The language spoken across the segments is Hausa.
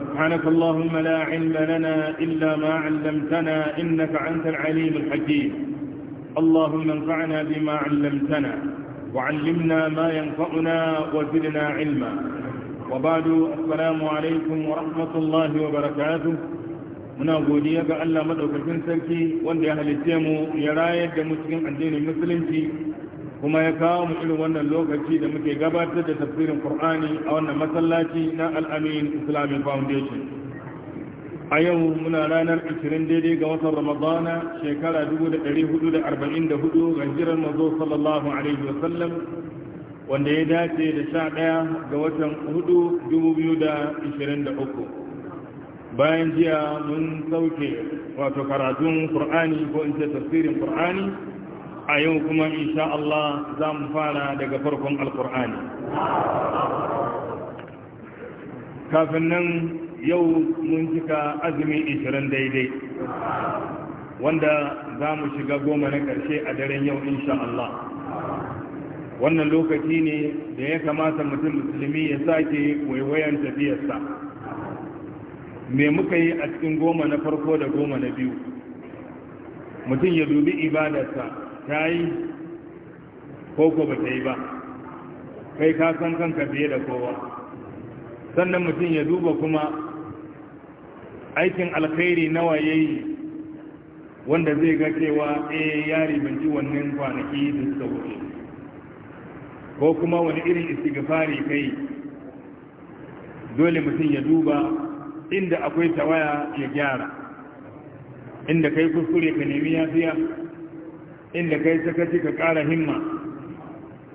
سبحانك اللهم لا علم لنا إلا ما علمتنا إنك أنت العليم الحكيم اللهم انفعنا بما علمتنا وعلمنا ما ينفعنا وزدنا علما وبعد السلام عليكم ورحمة الله وبركاته من godiya ga Allah madaukakin sarki wanda ya halitte mu ya rayar da mu kuma ya kawo mu irin wannan lokaci da muke gabatar da tafsirin qur'ani a wannan masallaci na Al-Amin islamic foundation a yau muna ranar 20 daidai ga watan ramadana shekara 1444 ga jiran mazo sallallahu alaihi wasallam wanda ya dace da sha ɗaya ga watan hudu dubu biyu da da uku bayan jiya mun sauke wato karatun Qur'ani ko in ce tafsirin Qur'ani a yau kuma insha Allah za mu fara daga farkon alkur'ani kafin nan yau mun cika azumi ishirin daidai wanda za mu shiga goma na ƙarshe a daren yau insha Allah wannan lokaci ne da ya kamata mutum musulmi ya sake waiwayan tafiyarsa me muka yi a cikin goma na farko da goma na biyu mutum ya dubi ibadarsa ta yi ko ba ta yi ba kai ka san kanka fiye da kowa sannan mutum ya duba kuma aikin alkhairi nawa ya yi wanda zai ga cewa eh yari ban ji wannan kwanaki da suka wuce ko kuma wani irin istighfari kai dole mutum ya duba inda akwai tawaya ya gyara inda kai kuskure ka nemi yafiya inda kai sakaci ka ƙara himma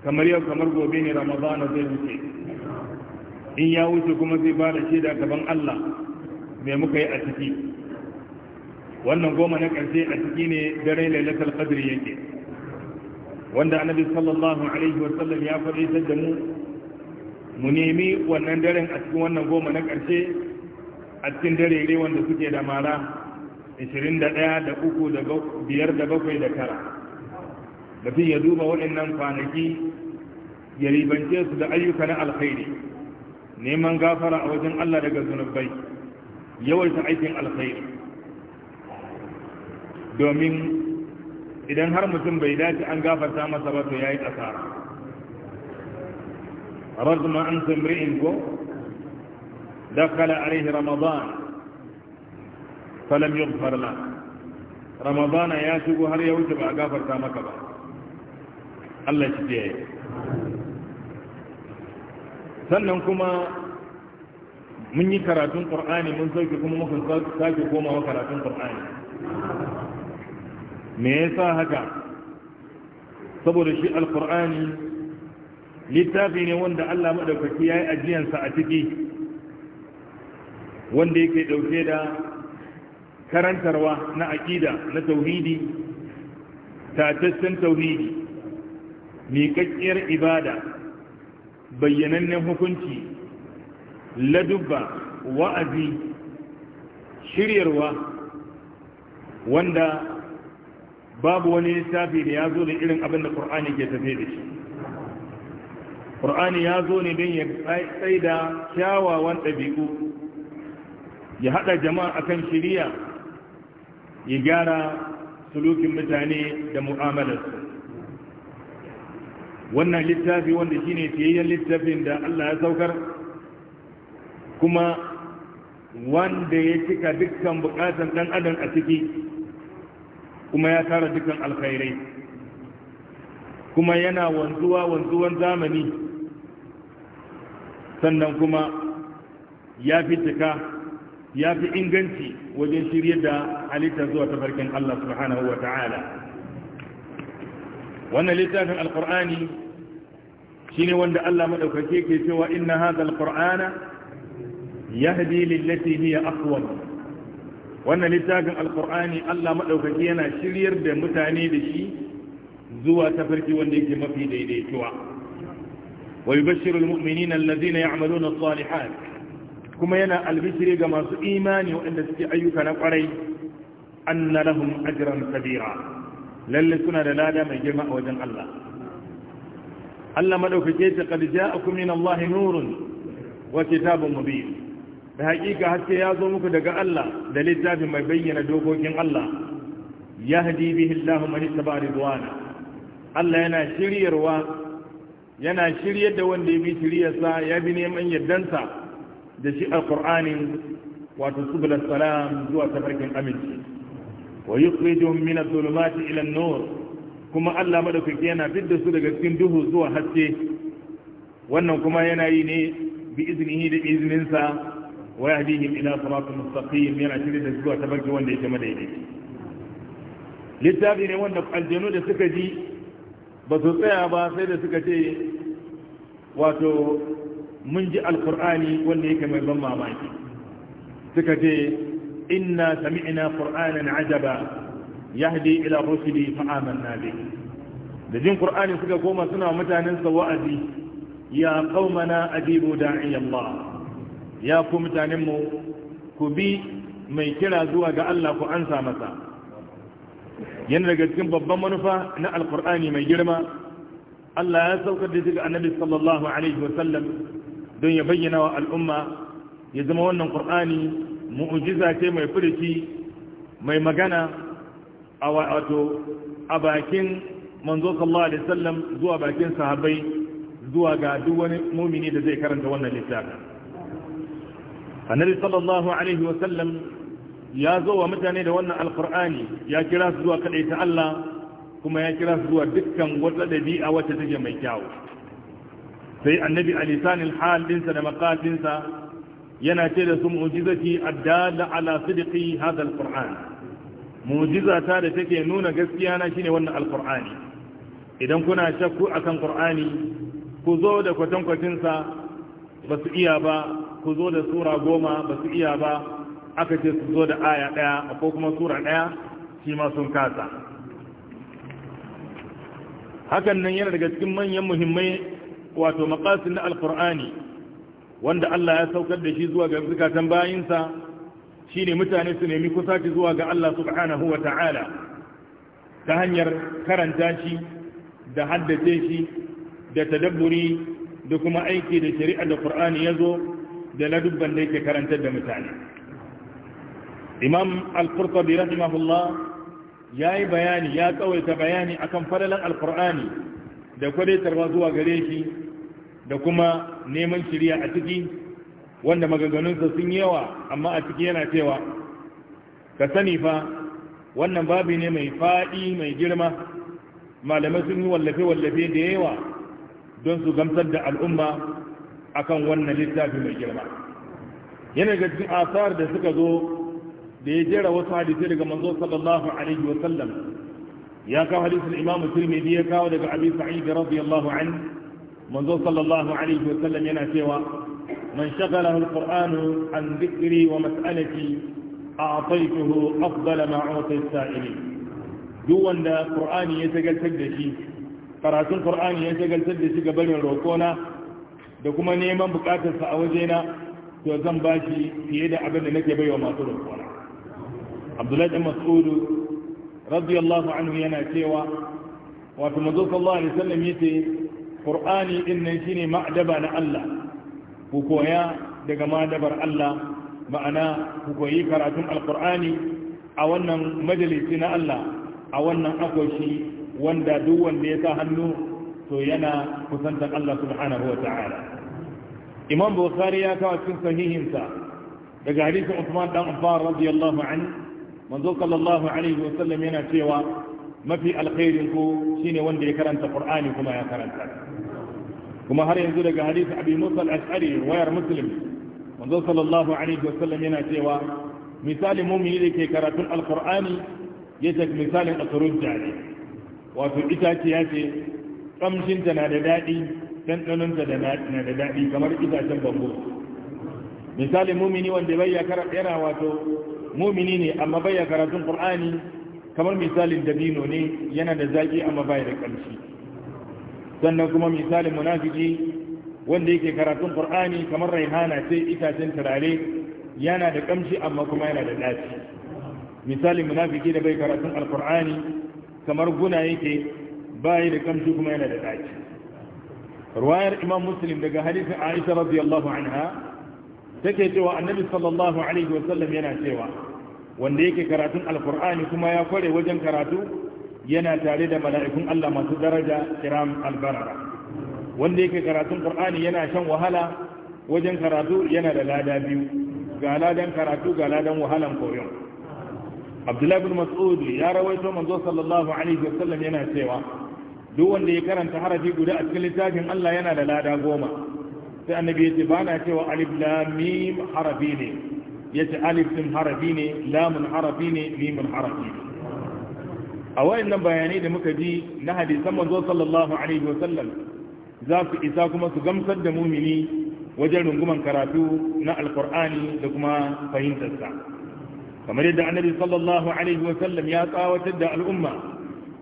kamar yau kamar gobe ne ramadana zai wuce in ya wuce kuma zai ba da shaida gaban Allah mai muka yi a ciki wannan goma na ƙarshe a ciki ne dare lailatul qadr yake wanda annabi sallallahu alaihi wa sallam ya faɗi da mu mu nemi wannan daren a cikin wannan goma na ƙarshe a cikin dare wanda suke da mara 21 da 3 da 5 da 7 da 9 mutum ya duba waɗannan kwanaki ya ribance su da ayyuka na alkhairi neman gafara a wajen Allah daga zunubai yawaita aikin alkhairi domin idan har mutum bai dace an gafarta masa ba to yayi asara razma an samri'in ko dakala alaihi ramadan falam yughfar la ramadana ya shigo har ya wuce ba a gafarta maka ba Allah shi tsaye sannan kuma mun yi karatun qur'ani mun sauke kuma muka sake komawa karatun qur'ani me yasa haka saboda shi alqur'ani littafi ne wanda Allah madaukaki yayi ajiyansa a ciki wanda yake ɗauke da karantarwa na aƙida na tauhidi tataccen tauhidi miƙaƙƙiyar ibada bayyanannen hukunci ladubba wa'azi shiryarwa wanda babu wani littafi da ya zo da irin abin da ƙur'ani ke tafe da shi ƙur'ani ya zo ne don ya tsaye da kyawawan ɗabi'u ya haɗa jama'a a kan shirya ya gyara sulukin mutane da mu'amalarsu wannan littafi wanda shine fiyayyen littafin da Allah ya saukar kuma wanda ya cika dukkan bukatan dan adam a ciki kuma ya tara dukkan alkhairai kuma yana wanzuwa wanzuwan zamani sannan kuma ya fi cika ya fi inganci wajen shirye da halittar zuwa tafarkin Allah subhanahu wa ta'ala wannan littafin alkur'ani shine wanda Allah madaukake ke cewa inna ya alqur'ana yahdi lillati hiya aqwam wannan littafin alkur'ani Allah madaukake yana shiryar da mutane da shi zuwa tafarki wanda yake mafi daidaituwa wa yubashshiru almu'minina alladhina ya'maluna na salihat kuma yana albishiri ga masu imani waɗanda suke ayyuka na ƙwarai na lahum ajran kabira lalle suna da lada mai girma a wajen Allah Allah madaukake ta qad ja'akum min Allah nurun wa kitabun mubin da hakika haske ya zo muku daga Allah da littafi mai bayyana dokokin Allah yahdi bihi Allah man ittaba ridwana Allah yana shiryarwa yana shiryar da wanda ya bi shiryarsa ya bi neman yardansa da shi alqur'ani wato subul salam zuwa tafarkin aminci wa yukhrijuhum min adh-dhulumati ila an-nur kuma Allah madaukaki yana fidda su daga cikin duhu zuwa haske wannan kuma yana yi ne bi iznihi da izninsa wa yahdihim ila siratin mustaqim yana shirye da zuwa tabarki wanda yake madaidaici littafi ne wanda aljanu da suka ji ba su tsaya ba sai da suka wato mun ji alkur'ani wanda ban mamaki inna sami'na qur'anan ajaba yahdi ila rusuli fa amanna bi da jin qur'ani suka koma suna mutanen wa'azi ya qaumana ajibu da'i allah ya ku mutanen mu ku bi mai kira zuwa ga allah ko ansa masa yana daga cikin babban manufa na alkur'ani mai girma Allah ya saukar da daga annabi sallallahu don ya bayyana wa al'umma ya zama wannan kur'ani. mu'ujiza ce mai furici mai magana a wato a bakin manzo sallallahu alaihi wasallam zuwa bakin sahabbai zuwa ga duk wani mumini da zai karanta wannan littafi annabi sallallahu alaihi wasallam ya zo wa mutane da wannan alqur'ani ya kira su zuwa ta Allah kuma ya kira su zuwa dukkan wata dabi'a wacce take mai kyau sai annabi alisanil hal dinsa da maqatinsa yana ce da su mu'jizati addala ala sidqi hada alquran mu'jiza ta da take nuna gaskiya na shine wannan alqurani idan kuna shakku akan qur'ani ku zo da kwatankwacin sa ba su iya ba ku zo da sura goma ba su iya ba aka ce su zo da aya daya ko kuma sura daya shi ma sun kasa hakan nan yana daga cikin manyan muhimmai wato maqasid na alqurani wanda Allah ya saukar da shi zuwa ga zukatan bayinsa shine mutane su nemi kusaci zuwa ga Allah subhanahu wa ta'ala ta hanyar karanta shi da haddace shi da tadabburi da kuma aiki da shari'a da Qur'ani zo da ladubban da yake karantar da mutane Imam Al-Qurtubi rahimahullah yayi bayani ya tsawaita bayani akan falalan Al-Qur'ani da kwadaitarwa zuwa gare shi da kuma neman shirya a ciki wanda maganganunsa sun yawa amma a ciki yana cewa ka sani fa wannan babi ne mai faɗi mai girma malamai sun yi wallafe-wallafe da yawa don su gamsar da al'umma akan wannan littafi mai girma yana ga cikin asar da suka zo da ya jera wasu hadisai daga manzo sallallahu alaihi wa sallam ya kawo hadisin imam tirmidhi ya kawo daga abi sa'id radiyallahu anhu manzo sallallahu alaihi wasallam yana cewa man shagalahu alqur'anu an dhikri wa mas'alati a'taytuhu afdala ma u'ti as-sa'ili duk wanda qur'ani ya tagaltar da shi ya tagaltar da shi ga barin roƙona da kuma neman bukatarsa a wajena to zan ba shi fiye da abin da nake baiwa masu roƙona abdullahi anhu yana cewa wato sallallahu kur'ani ɗin nan shine ma'adaba na Allah ku koya daga madabar Allah ma'ana ku koyi karatun alƙur'ani a wannan majalisi na Allah a wannan akwashi wanda duk wanda ya sa hannu to yana kusantar Allah subhanahu wa imam bukhari ya kawo cikin sahihinsa daga hadisin Uthman dan Affan radiyallahu anhu manzo sallallahu alaihi wa sallam yana cewa mafi alkhairin ku shine wanda ya karanta qur'ani kuma ya karanta kuma har yanzu daga hadisi abi musa al-ash'ari wayar muslim manzo sallallahu alaihi wa sallam yana cewa misalin mumini da ke karatun alqur'ani ya ce misalin asrujja ne wato itaciya ce kamshin ta na da daɗi ɗanɗanon ta na da daɗi kamar itacen bambu misalin mumini wanda bai ya karatu yana wato mumini ne amma bai ya karatun qur'ani kamar misalin dabino ne yana da zaki amma bai da kamshi sannan kuma misalin munafiki wanda yake karatun qur'ani kamar raihana sai itacen turare yana da kamshi amma kuma yana da daci misalin munafiki da bai karatun alqur'ani kamar guna yake bai da kamshi kuma yana da daci ruwayar imam muslim daga hadisi aisha radiyallahu anha take cewa annabi sallallahu alaihi wasallam yana cewa wanda yake karatun alqur'ani kuma ya kware wajen karatu yana tare da mala'ikun Allah masu daraja kiram albarara wanda yake karatun kur'ani yana shan wahala wajen karatu yana da lada biyu ga ladan karatu ga ladan wahalan koyon abdullahi bin mas'ud ya rawaito manzo sallallahu alaihi wasallam yana cewa duk wanda ya karanta harafi guda a cikin littafin Allah yana da lada goma sai annabi ya ce ba na cewa alif lam mim harafi ne yace alif din harafi ne lamun harafi ne mimun harafi ne a wayan nan bayanai da muka ji na hadisan manzo sallallahu alaihi wasallam za su isa kuma su gamsar da mumini wajen runguman karatu na alkur'ani da kuma fahimtarsa kamar yadda annabi sallallahu alaihi wasallam ya tsawatar da al'umma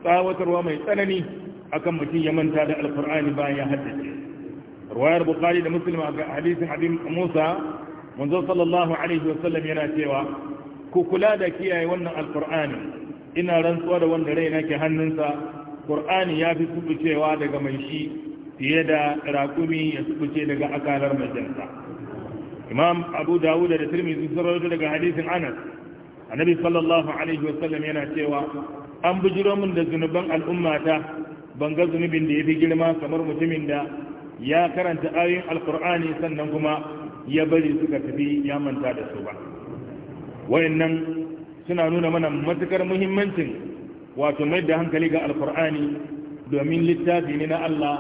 tsawatarwa mai tsanani akan mutum ya manta da alkur'ani bayan ya haddace ruwayar bukari da muslim a hadisin abin musa manzo sallallahu alaihi wasallam yana cewa ku kula da kiyaye wannan alkur'ani ina rantsuwa da wanda raina ke hannunsa qur'ani ya fi subucewa daga mai shi fiye da raƙumi ya subuce daga akalar mai imam abu dawud da tirmidhi sun rawaito daga hadisin anas annabi sallallahu alaihi wasallam yana cewa an bujiro min da zunuban al'ummata ban ga zunubin da ya fi girma kamar mutumin da ya karanta ayoyin alkur'ani sannan kuma ya bari suka tafi ya manta da su ba wayannan suna nuna mana matukar muhimmancin wato mai da hankali ga alkur'ani domin littafi ne na Allah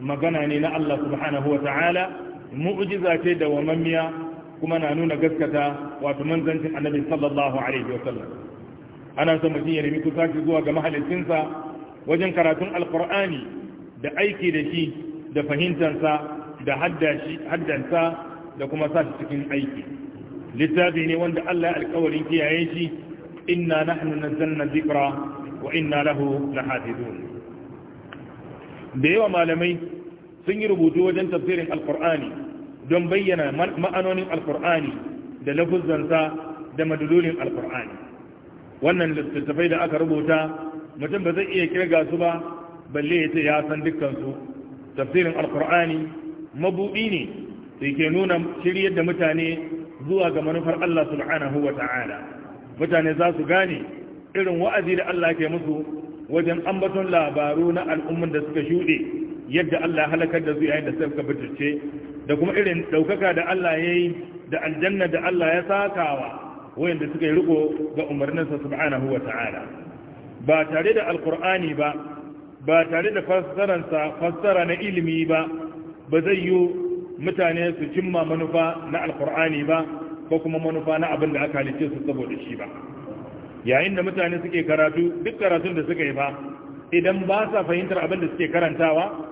magana ne na Allah subhanahu wa ta'ala mu'jiza ce da wamammiya kuma na nuna gaskata wato manzancin annabi sallallahu alaihi wa sallam ana son mutum ya nemi kusaci zuwa ga mahalicinsa wajen karatun alkur'ani da aiki da shi da fahimtansa da haddansa da kuma sa cikin aiki littafi ne wanda Allah ya alkawarin kiyaye shi inna nahnu nazzalna dhikra wa inna lahu lahafizun da yawa malamai sun yi rubutu wajen tafsirin alkur'ani don bayyana ma'anonin alkur'ani da lafuzzansa da madalolin alkur'ani wannan littattafai da aka rubuta mutum ba zai iya kirga su ba balle ya ce ya san dukkansu tafsirin alkur'ani mabuɗi ne da ke nuna shiryar da mutane zuwa ga manufar Allah subhanahu wa ta'ala mutane za su gane irin wa'azi da Allah ke musu wajen ambaton labaru na al'umman da suka shuɗe yadda Allah halakar da su yayin da suka bitirce da kuma irin ɗaukaka da Allah ya yi da aljanna da Allah ya sakawa wayanda suka yi riko ga umarninsa subhanahu wa ta'ala ba tare da alkur'ani ba ba tare da fassararsa fassara na ilimi ba ba zai yi mutane su cimma manufa na alkur'ani ba ko kuma manufa na abin da aka halice su saboda shi ba yayin da mutane suke karatu duk karatun da suka yi ba idan ba sa fahimtar abin da suke karantawa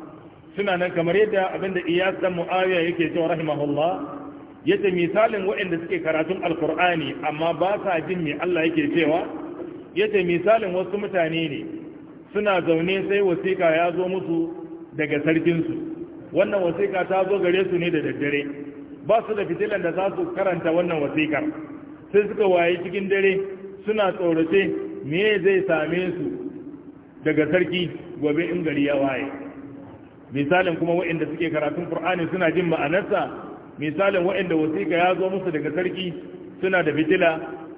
suna nan kamar yadda abin da iyas dan muawiya yake cewa rahimahullah yace misalin waɗanda suke karatun alkur'ani amma ba sa jin me Allah yake cewa yace misalin wasu mutane ne suna zaune sai wasiƙa ya zo musu daga sarkinsu wannan wasiƙa ta zo gare su ne da daddare ba su da fitilan da za su karanta wannan wasiƙar sai suka waye cikin dare suna tsorace me zai same su daga sarki gobe in gari ya waye misalin kuma waɗanda suke karatun Kur'ani suna jin ma'anarsa misalin waɗanda wasiƙa ya zo musu daga sarki suna da fitila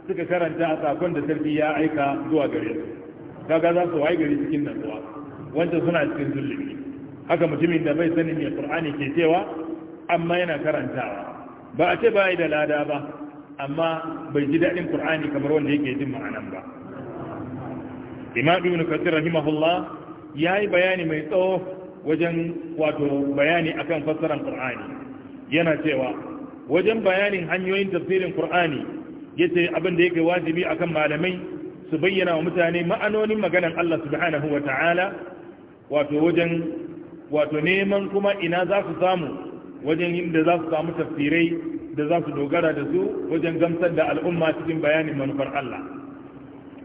suka karanta a sakon da sarki ya aika zuwa gare su kaga za su waye gari cikin natsuwa wancan suna cikin zulubi haka mutumin da bai sanin mai qur'ani ke cewa amma yana karantawa ba a ce bai da lada ba amma bai ji dadin ƙur'ani kamar wanda yake jin ma'anan ba imam ibn kathir rahimahullah yayi bayani mai tsawo wajen wato bayani akan fassarar ƙur'ani, yana cewa wajen bayanin hanyoyin tafsirin ƙur'ani ya ce abin da yake wajibi akan malamai su bayyana wa mutane ma'anonin maganan Allah subhanahu wa ta'ala wato wajen wato neman kuma ina za su samu wajen inda za su samu tafsirai da za su dogara da su wajen gamsar da al'umma cikin bayanin manufar Allah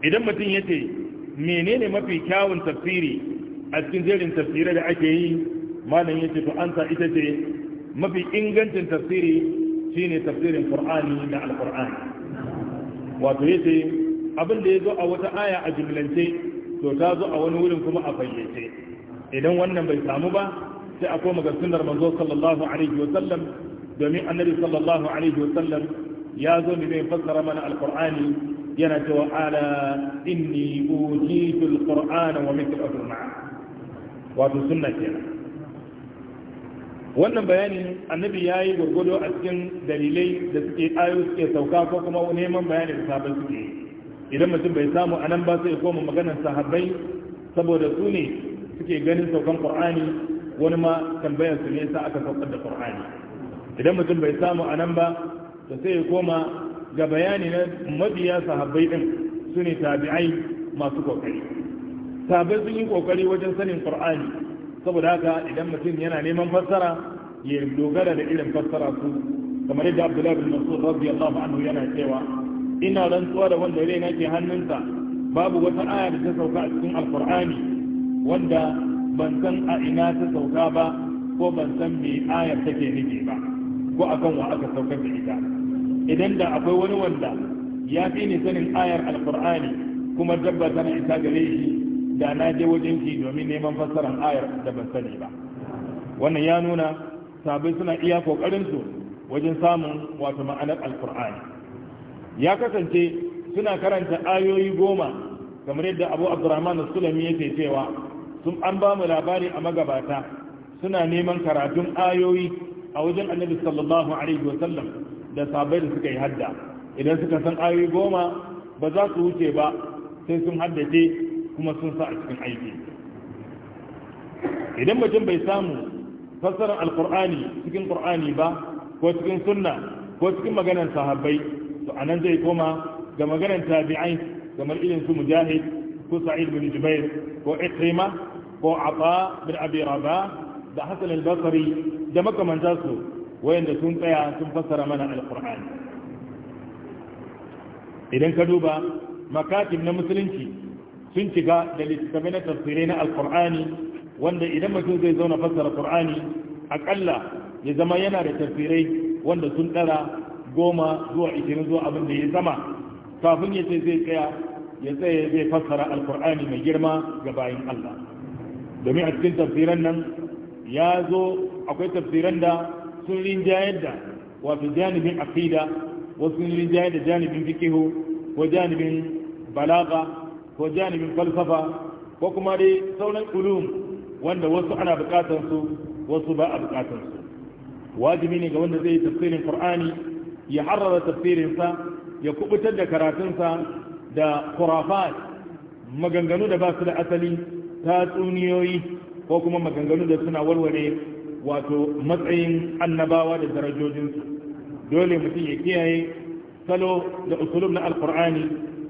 idan mutum ya ce menene mafi kyawun tafsiri a cikin jerin tafsirai da ake yi malam ya ce to ansa ita ce mafi ingancin tafsiri shine tafsirin qur'ani da alqur'ani wato ya ce abin da ya zo a wata aya a jimlance to ta zo a wani wurin kuma a fayyace idan wannan bai samu ba sai a koma ga sunnar manzo sallallahu alaihi wa sallam domin annabi sallallahu alaihi wa sallam ya zo ne zai fassara mana alqur'ani yana cewa ala inni utitu alqur'ana wa mithluhu ma'a wato sunna kenan wannan bayanin annabi ya yi gwargwado a cikin dalilai da suke ayo suke sauka ko kuma neman bayanin da sahabbai suke idan mutum bai samu a nan ba sai koma maganar sahabbai saboda su ne suke ganin saukan qur'ani wani ma tambayar su ne sa aka saukar da qur'ani idan mutum bai samu anan ba to sai ya koma ga bayani na mabiya sahabbai din su ne tabi'ai masu kokari sahabbai sun yi kokari wajen sanin qur'ani saboda haka idan mutum yana neman fassara ya dogara da irin fassara su kamar yadda abdullahi bin mas'ud radiyallahu anhu yana cewa ina rantsuwa da wanda raina ke hannunsa babu wata aya da ta sauka a cikin alqur'ani wanda ban san a ina ta sauka ba ko ban san me ayar take nufi ba ko akan wa aka saukar da ita idan da akwai wani wanda ya fi ni sanin ayar alkur'ani kuma dabba tana isa gare shi da na je wajen shi domin neman fassarar ayar da ban sani ba wannan ya nuna sabai suna iya kokarin su wajen samun wato ma'anar alkur'ani ya kasance suna karanta ayoyi goma kamar yadda abu abdurrahman sulami yake cewa sun an ba mu labari a magabata suna neman karatun ayoyi a wajen annabi sallallahu alaihi wa sallam da sabai da suka yi hadda idan suka san ayoyi goma ba za su wuce ba sai sun haddace kuma sun sa a cikin aiki idan mutum bai samu fassarar alkur'ani cikin qur'ani ba ko cikin sunna ko cikin maganar sahabbai to anan zai koma ga maganar tabi'ai kamar irin su mujahid ko sa'id bin jubair ko ikrima ko ata bin abi raba da hasan al-basri da makamanta su wayanda sun tsaya sun fassara mana alqur'ani idan ka duba makatib na musulunci sun shiga da littattafai na tafsirai na alqur'ani wanda idan mutum zai zauna fassara qur'ani akalla ya zama yana da tafsirai wanda sun dara goma zuwa ishirin zuwa abin da ya zama kafin ya ce zai tsaya ya tsaye zai fassara alkur'ani mai girma ga bayan Allah domin a cikin tafsiran nan ya zo akwai tafsiran da sun rinjayar da wato janibin aqida wasu sun rinjayar da janibin fikihu ko janibin balaga ko janibin falsafa ko kuma dai sauran ulum wanda wasu ana bukatar su wasu ba a bukatar su wajibi ne ga wanda zai tafsirin qur'ani ya harrara tafsirin sa ya kubutar da karatunsa da khurafat maganganu da ba su da asali tatsuniyoyi ko kuma maganganu da suna warware wato matsayin annabawa da darajojinsu dole mutum ya kiyaye salo da usulub na alkur'ani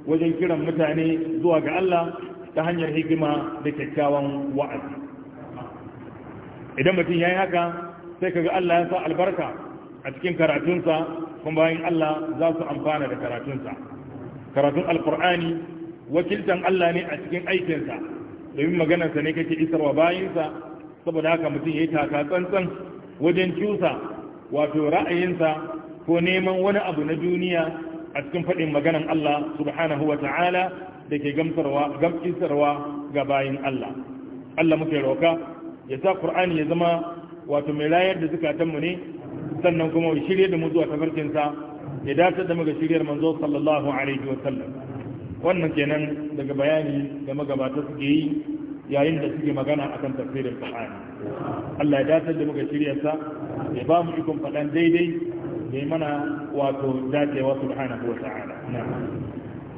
wajen kiran mutane zuwa ga Allah ta hanyar hikima da kyakkyawan wa'azi idan mutum ya yi haka sai kaga Allah ya sa albarka a cikin karatunsa kuma bayan Allah za su amfana da karatunsa karatun alkur'ani wakiltan Allah ne a cikin aikinsa domin maganarsa ne kake isarwa bayansa saboda haka mutum ya yi taka tsantsan wajen cusa wato ra'ayinsa ko neman wani abu na duniya a cikin faɗin maganan Allah subhanahu wa ta'ala da ke gamsarwa ga bayin Allah Allah muke roka ya sa Qur'ani ya zama wato mai rayar da zukatanmu ne sannan kuma shirye da mu zuwa tafarkinsa ya dace da muga shiryar manzo sallallahu alaihi wa sallam wannan kenan daga bayani da magabata suke yi yayin da suke magana akan tafsirin Qur'ani Allah ya dace da muka shirya sa ya ba mu ikon faɗan daidai ya mana wato dacewa subhanahu wa ta'ala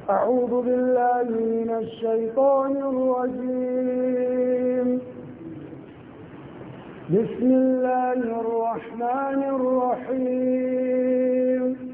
أعوذ بالله من الشيطان الرجيم بسم الله الرحمن الرحيم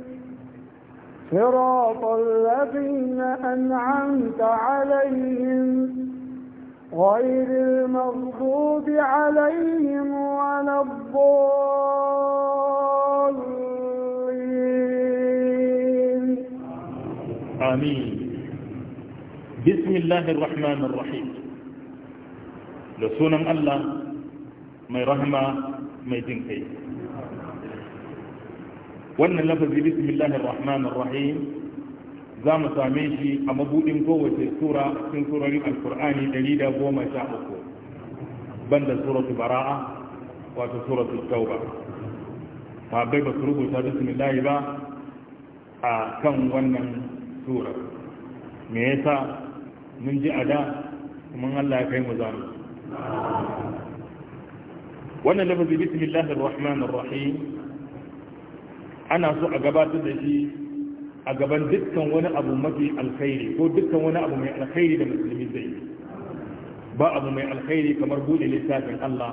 صراط الذين أنعمت عليهم غير المغضوب عليهم ولا الضالين آمين بسم الله الرحمن الرحيم لسونا الله ما رحمة ما يدين wannan lafazi bismillahir rahmanir rahim za mu same shi a mabudin kowace sura cikin surorin alkur'ani 113 banda suratul bara'a wato suratul tauba ba bai ba su rubuta bismillah ba a kan wannan sura me yasa mun ji ada kuma Allah ya kai mu zamu wannan lafazi bismillahir rahmanir rahim ana so a gabatar da shi a gaban dukkan wani abu mafi alkhairi ko dukkan wani abu mai alkhairi da musulmi zai yi ba abu mai alkhairi kamar bude littafin Allah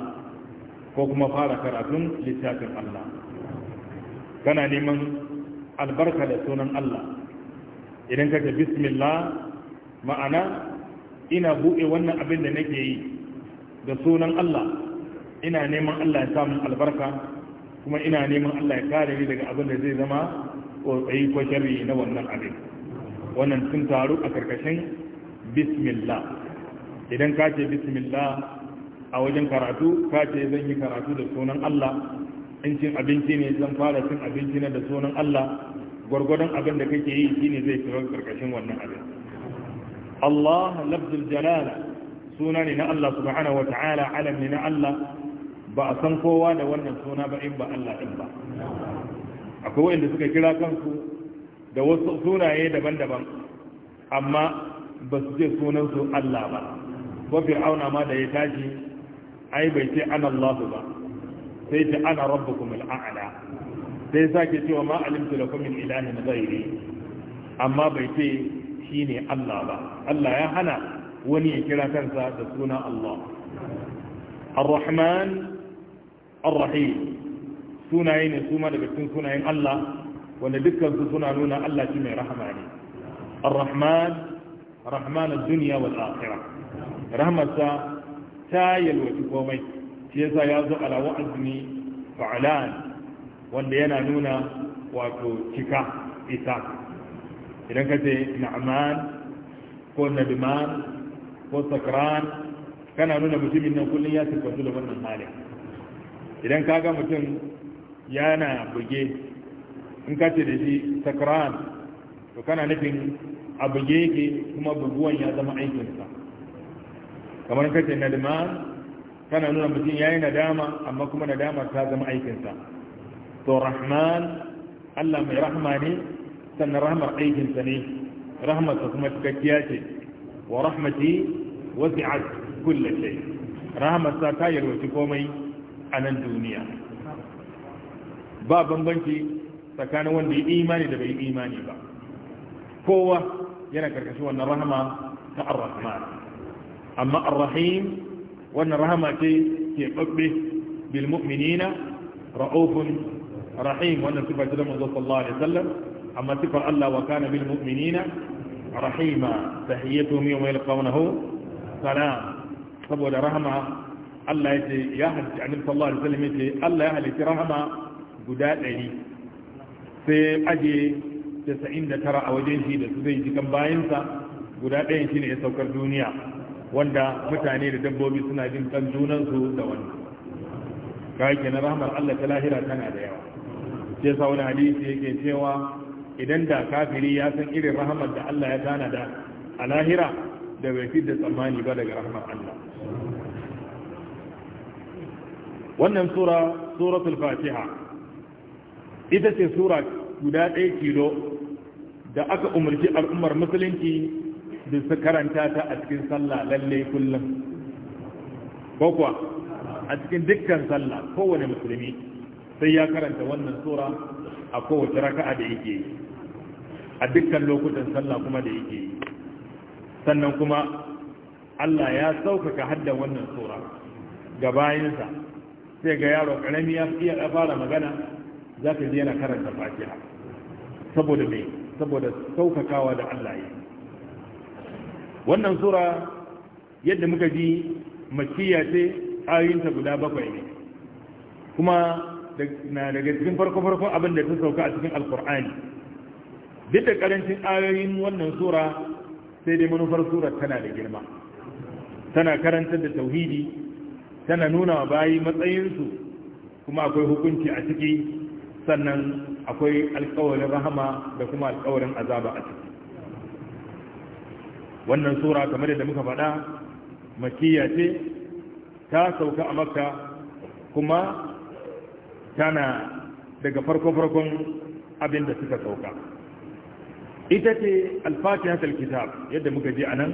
ko kuma fara karatun littafin Allah kana neman albarka da sunan Allah idan ka ce bismillah ma'ana ina buɗe wannan abin da nake yi da sunan Allah ina neman Allah ya samun albarka kuma ina neman Allah ya kare ni daga abin da zai zama tsotsayi ko sharri na wannan abin wannan sun taru a karkashin bismillah idan ka ce bismillah a wajen karatu ka ce zan yi karatu da sunan Allah in cin abinci ne zan fara cin abinci na da sunan Allah gwargwadon abin da kake yi shine zai shiga karkashin wannan abin Allah lafzul jalala suna ne na Allah subhanahu wa ta'ala alam ne na Allah ba a san kowa da wannan suna ba in ba Allah din ba akwai wanda suka kira kansu da wasu sunaye daban-daban amma ba su ce sunansu Allah ba ba auna ma da ya tashi ai bai ce ana Allah ba sai ce ana rabbukum al'a'la sai sake cewa ma alimtu lakum min ilahin ghairi amma bai ce shine Allah ba Allah ya hana wani ya kira kansa da suna Allah الرحمن ar-rahim sunaye ne su ma daga cikin sunayen Allah wanda dukkan suna nuna Allah shi mai rahama ne ar-rahman rahman ad-dunya wal akhirah rahmatsa ta yalwaci komai shi yasa ya zo ala wa'azni fa'alan wanda yana nuna wato cika isa idan ka ce na'man ko nadman ko sakran kana nuna mutumin nan kullum ya tabbatu da wannan halin idan ka ga mutum yana buge in ka ce da shi sakran to kana nufin a buge yake kuma buguwan ya zama aikinsa kamar ka ce nadama kana nuna mutum ya yi nadama amma kuma nadama ta zama aikinsa to rahman allah mai rahma ne sannan rahmar aikinsa ne rahmarsa kuma cikakkiya ce wa rahmati wasi'at kullu shay rahmarsa ta yarwaci komai a nan duniya ba bambanci tsakanin wanda ya imani da bai imani ba kowa yana karkashin wannan rahama ta ar-rahman amma ar-rahim wannan rahama ce ke babbe bil mu'minina ra'ufun rahim wannan sifa ta manzo sallallahu alaihi sallam amma sifar Allah wa kana bil mu'minina rahima tahiyatuhum yawma yalqawnahu salam saboda rahama Allah ya ce ya halitta annabi sallallahu alaihi wasallam ya ce Allah ya halitta rahama guda 100 sai aje 99 a wajen shi da su zai jikan bayansa guda ɗayan shine ya saukar duniya wanda mutane da dabbobi suna jin kan junansu da wannan kai kenan rahmar Allah ta lahira tana da yawa sai sa wani hadisi yake cewa idan da kafiri ya san irin rahamar da Allah ya tana da a lahira da bai fi da tsammani ba daga rahmar Allah wannan sura suratul fatiha ita ce sura guda ɗaya kilo da aka umarci al'ummar musulunci da su karanta ta a cikin sallah lalle kullum ko kuwa a cikin dukkan sallah kowane musulmi sai ya karanta wannan sura a kowace raka'a da yake yi a dukkan lokutan sallah kuma da yake yi sannan kuma Allah ya sauƙaƙa haddan wannan sura ga bayansa sai ga yaro karami ya iya fara magana za ka je yana karanta fatiha saboda mai saboda saukakawa da Allah ya wannan sura yadda muka ji makiyya ce ayinta guda bakwai ne kuma na daga cikin farko farko abin da ta sauka a cikin alkur'ani duk da karancin ayoyin wannan sura sai dai manufar sura tana da girma tana karantar da tauhidi tana nuna wa bayi matsayinsu kuma akwai hukunci a ciki sannan akwai alkawarin rahama da kuma alkawarin azaba a ciki wannan sura kamar yadda muka faɗa makiya ce ta sauka a makka kuma tana daga farko-farkon abin da suka sauka ita ce alfatihatul kitab yadda muka ji a nan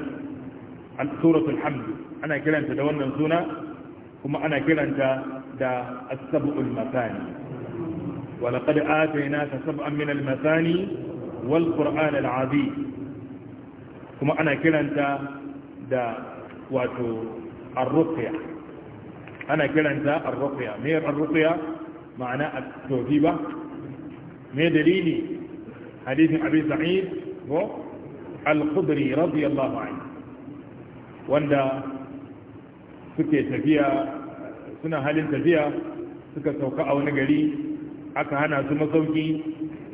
suratul hamdu ana kiranta da wannan suna kuma ana kiranta da as-sab'ul masani wa laqad atainaka sab'an min al-masani wal qur'an al-azim kuma ana kiranta da wato ar-ruqya ana kiranta ar-ruqya me ar-ruqya ma'ana at-tawhiba me dalili hadithin abi sa'id wa al-khudri radiyallahu anhu wanda suke tafiya suna halin tafiya suka sauka a wani gari aka hana su masauki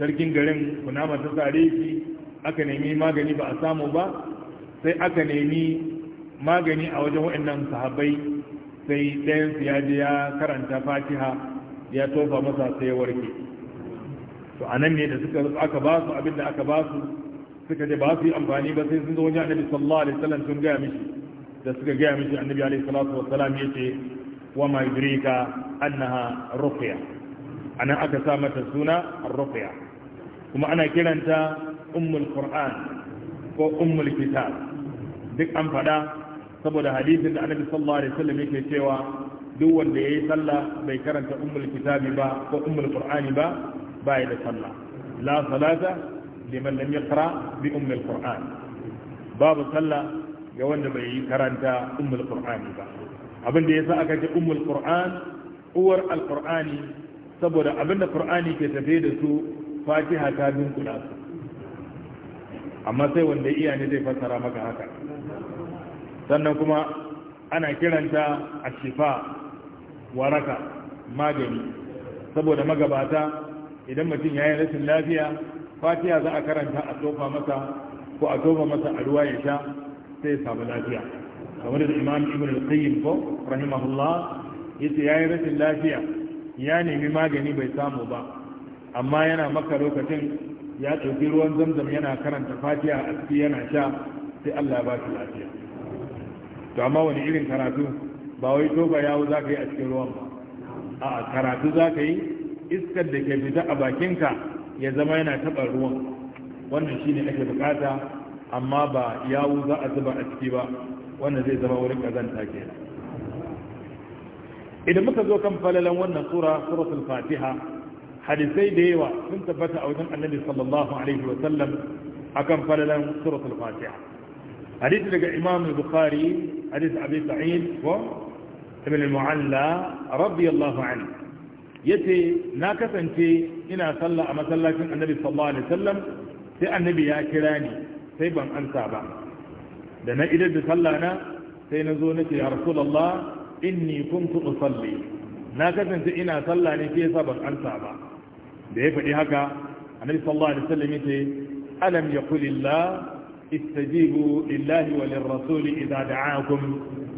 sarkin garin kunama ta tsare shi aka nemi magani ba a samu ba sai aka nemi magani a wajen waɗannan sahabbai sai ɗayansu ya je ya karanta fatiha ya tofa masa sai ya warke to a nan ne da suka aka ba su abin da aka ba su suka je ba su yi amfani ba sai sun zo wajen annabi sallallahu alaihi wasallam sun gaya mishi da suka gaya mishi annabi alaihi salatu wassalam yace wa ma yudrika annaha ruqya anan aka sa mata suna ruqya kuma ana kiranta ummul qur'an ko ummul kitab duk an fada saboda hadisin da annabi sallallahu alaihi wasallam yake cewa duk wanda yayi sallah bai karanta ummul kitabi ba ko ummul qur'ani ba bai da sallah la salata liman lam yaqra bi ummul qur'an babu sallah ga wanda bai yi karanta ummul qur'ani ba abin da yasa aka ce ummul qur'an uwar alqur'ani saboda abin da qur'ani ke tafe da su fatiha ta kula su amma sai wanda iya ne zai fassara maka haka sannan kuma ana kiranta ashifa waraka magani saboda magabata idan mutum ya yi rashin lafiya fatiha za a karanta a tofa masa ko a tofa masa a ruwa ya sha sai ya samu lafiya kamar da imam ibn al-qayyim ko rahimahullah yace yayi rashin lafiya ya nemi magani bai samu ba amma yana maka lokacin ya ɗauki ruwan zamzam yana karanta fatiha a ciki yana sha sai Allah ba shi lafiya to amma wani irin karatu ba wai toba yawo za ka yi a cikin ruwan ba a karatu za ka yi iskar da ke fita a bakinka ya zama yana taɓa ruwan wannan shine ake bukata amma ba yawu za a zuba a ciki ba wannan zai zama wurin kazanta ke idan muka zo kan falalan wannan sura suratul fatiha hadisai da yawa sun tabbata a wajen annabi sallallahu alaihi wa sallam akan falalan suratul fatiha hadisi daga imam bukhari hadisi abi sa'id wa ibn al-mu'alla radiyallahu anhu yace na kasance ina sallah a masallacin annabi sallallahu alaihi wa sallam sai annabi ya kira ni sai ban ansa ba da na idar da sallah na sai na zo na ce ya rasulullah inni kuntu usalli na kasance ina sallah ne ke yasa ban ansa ba da ya faɗi haka annabi sallallahu alaihi wasallam yace alam yaqul istajibu lillahi wa lirrasuli idza da'akum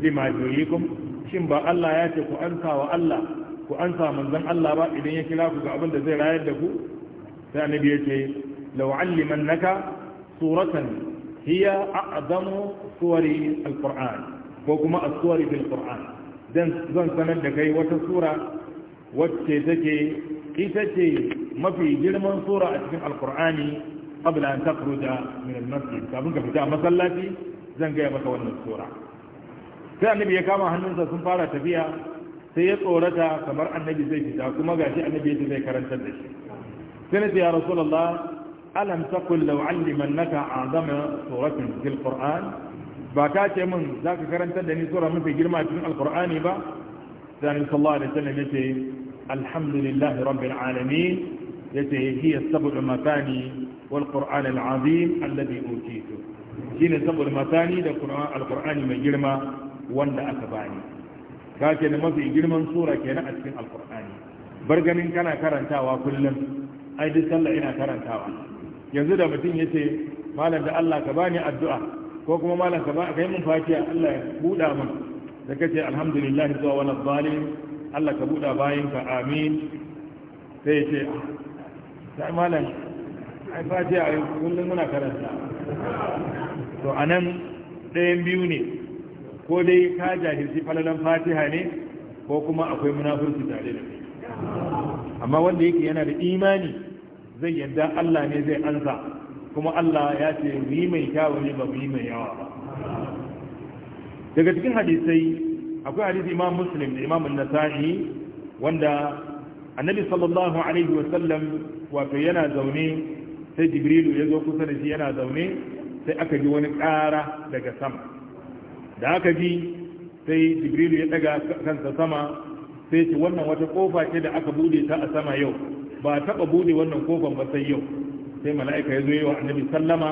lima yuhyikum shin ba Allah ya ce ku ansa wa Allah ku ansa manzon Allah ba idan ya kira ku ga abin da zai rayar da ku sai annabi ya ce law allimannaka suratan hiya a'zamu suwari Alkur'an ko kuma as-suwari bil quran zan sanar da kai wata sura wacce take ita ce mafi girman sura a cikin Alkur'ani qabla an takhruja min al-masjid kafin ka fita masallaci zan gaya maka wannan sura sai annabi ya kama hannun sa sun fara tafiya sai ya tsorata kamar annabi zai fita kuma gashi annabi ya zai karantar da shi sai na ce ya rasulullah alam taqul law allimannaka azama suratin fil qur'an ba ka ce min zaka karanta da ni sura mafi girma cikin alqur'ani ba sai sallallahu alaihi wasallam yace alhamdulillahi rabbil alamin yace hiya sab'u matani wal qur'an al azim alladhi utitu shine sab'u matani da qur'an alqur'ani mai girma wanda aka bani ka ce da mafi girman sura kenan a cikin alqur'ani bar ganin kana karantawa kullum ai duk sallah ina karantawa yanzu da mutum ya ce malam da Allah ka bani addu'a ko kuma malam ka ba kai min fatiha Allah ya buɗa min da kace alhamdulillah zuwa wani zalim Allah ka buɗa bayan ka amin sai ya ce sai ah, malam ai fatiha ai kullum muna karanta to anan ɗayan biyu ne ko dai ka jahilci falalan fatiha ne ko kuma akwai munafurci tare da kai amma wanda yake yana da imani zai yadda Allah ne zai ansa kuma Allah ya ce mu yi mai kyawu ne ba mu yi mai yawa ba daga cikin hadisai akwai hadisi imam muslim da imam nasa'i wanda annabi sallallahu alaihi wa sallam wato yana zaune sai jibrilu ya zo kusa da shi yana zaune sai aka ji wani ƙara daga sama da aka ji sai jibrilu ya daga kansa sama sai ce wannan wata kofa ce da aka bude ta a sama yau ba taba bude wannan kofan ba sai yau sai mala'ika ya zo yi wa annabi sallama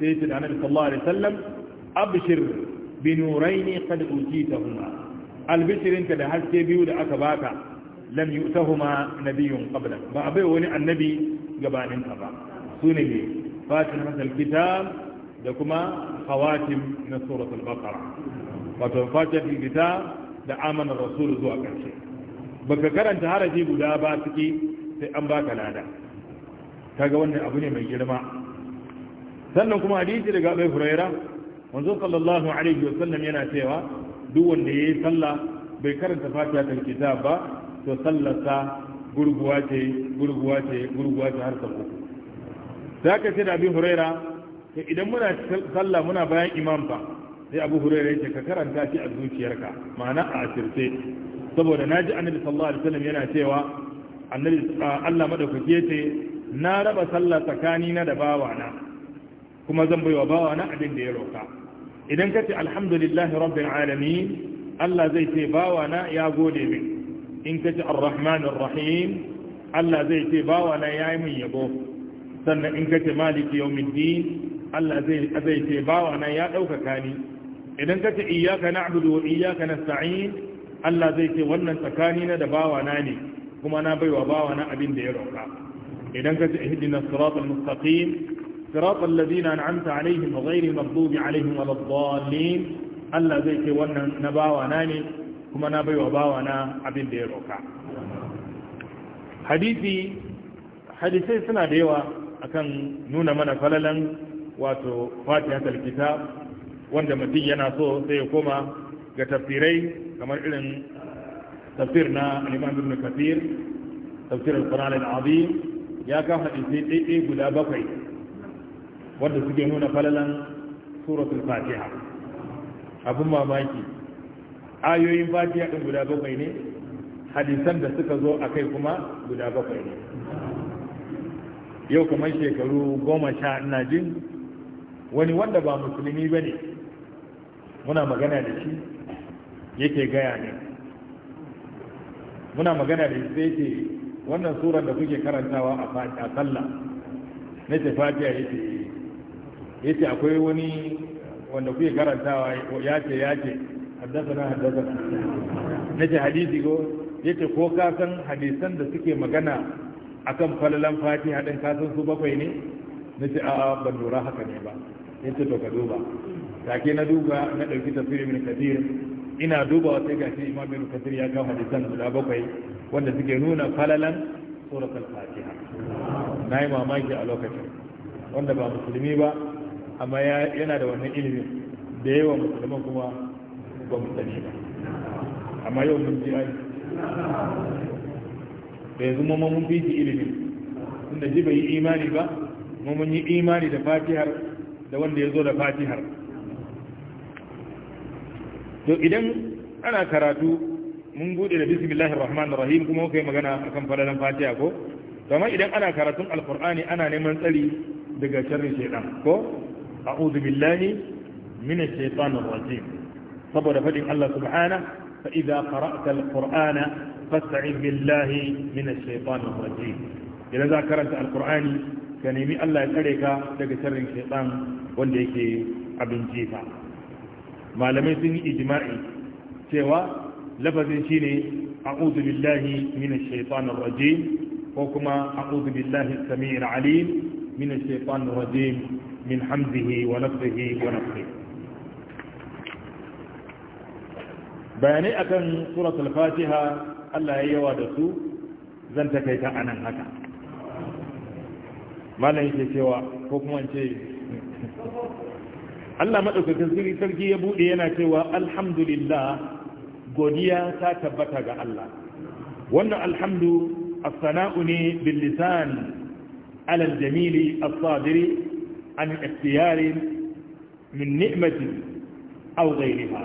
sai ce da annabi sallallahu alaihi wasallam abshir bi nuraini qad utitahuma albishirinka da haske biyu da aka baka lam yutahuma nabiyyun qabla ba abai wani annabi gabanin ka ba sune ne fatihatul kitab da kuma khawatim na suratul baqara wato fatihatul kitab da amana rasul zuwa karshe baka karanta haraji guda ba ciki sai an baka lada kaga wannan abu ne mai girma sannan kuma hadisi daga Abu Huraira manzo sallallahu alaihi wa sallam yana cewa duk wanda yayi sallah bai karanta Fatiha ta kitab ba to sallarsa gurguwa ce gurguwa ce gurguwa ce har sau uku zaka ce da Abu Huraira sai idan muna sallah muna bayan imam ba sai Abu Huraira yake ka karanta shi a zuciyarka ma'ana a asirce saboda naji Annabi sallallahu alaihi wa sallam yana cewa annabi Allah madaukake yace na raba sallah tsakani na da bawana kuma zan baiwa bawana abin da ya roka idan kace alhamdulillahi rabbil alamin Allah zai ce bawana ya gode min in kace arrahmanir rahim Allah zai ce bawana yayi min yabo sannan in kace maliki yawmiddin Allah zai zai ce bawana ya daukaka ni idan kace iyyaka na'budu wa iyyaka nasta'in Allah zai ce wannan tsakani na da bawana ne kuma na baiwa bawa na abin da ya roƙa idan ka ce ihdina siratal mustaqim siratal ladina an'amta alaihim ghayril maghdubi alaihim waladdallin Allah zai ce wannan na bawa na ne kuma na baiwa bawa na abin da ya roƙa hadisi hadisai suna da yawa akan nuna mana falalan wato fatihatul kitab wanda mutum yana so sai ya koma ga tafsirai kamar irin tafsirna na imam ibn kathir tafsir al-quran al-azim ya ka hadisi ɗaiɗai guda bakwai wanda suke nuna falalan suratul fatiha Abin mamaki ayoyin fatiha ɗin guda bakwai ne hadisan da suka zo a kai kuma guda bakwai ne yau kamar shekaru goma sha ina jin wani wanda ba musulmi ba ne muna magana da shi yake gaya ne muna magana da sai yake wannan surar da kuke karantawa a sallah na ce fatiha yace akwai wani wanda kuke karantawa ya ce ya ce haddasa haddasa na ce hadisi ko yace ko ka san hadisan da suke magana akan falalan fatiha din ka san su bakwai ne na ce a ban lura haka ne ba yace to ka duba take na duba na dauki tafsir min kadir ina duba wata ga shi imam ibn kasir ya da san guda bakwai wanda suke nuna falalan surat al-fatiha na yi mamaki a lokacin wanda ba musulmi ba amma yana da wannan ilimin da yawa musulman kuma ba mu ba amma yau mun ji ai da yanzu mu mun fi ji ilimin tunda ji bai yi imani ba mu mun yi imani da fatihar da wanda ya zo da fatihar to idan ana karatu mun bude da bismillahir rahmanir rahim kuma muka yi magana akan falalan fatiha ko kama idan ana karatun alqur'ani ana neman tsari daga sharrin shaytan ko a'udhu billahi minash shaitanir rajim saboda fadin Allah subhanahu fa idza qara'ta alqur'ana billahi minash shaitanir rajim idan za karanta alqur'ani ka nemi Allah ya tsare ka daga sharrin shaytan wanda yake abin jifa malamai sun yi ijimai cewa lafazin shine a'udhu billahi minash shaitanir rajim ko kuma a'udhu billahi samii'il alim minash shaitanir rajim min hamdihi wa nafthihi wa nafthihi bayanai akan suratul fatiha Allah ya yawa da su zan a nan haka malam yake cewa ko kuma ce Allah madaukakin sarki ya buɗe yana cewa alhamdulillah godiya ta tabbata ga Allah wannan alhamdu as-sana'u ne bil lisan ala al-jamil as-sadir an ikhtiyar min ni'mati aw ghayriha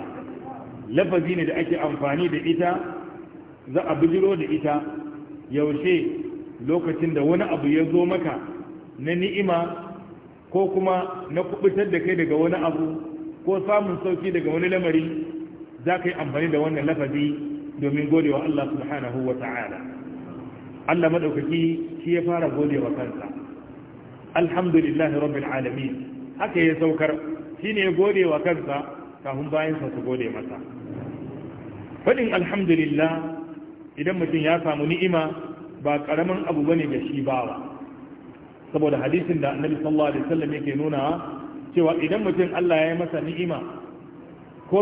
lafazi ne da ake amfani da ita za a bijiro da ita yaushe lokacin da wani abu ya zo maka na ni'ima ko kuma na kubutar da kai daga wani abu ko samun sauki daga wani lamari za ka yi amfani da wannan lafazi domin godewa Allah subhanahu wa ta'ala Allah madaukaki shi ya fara godewa kansa alhamdulillahi rabbil alamin haka ya saukar shine ne godewa kansa kafin bayan sa su gode masa fadin alhamdulillah idan mutum ya samu ni'ima ba karamin abu bane da shi bawa saboda hadisin da annabi sallallahu alaihi wasallam yake nuna cewa idan mutum Allah ya yi masa ni'ima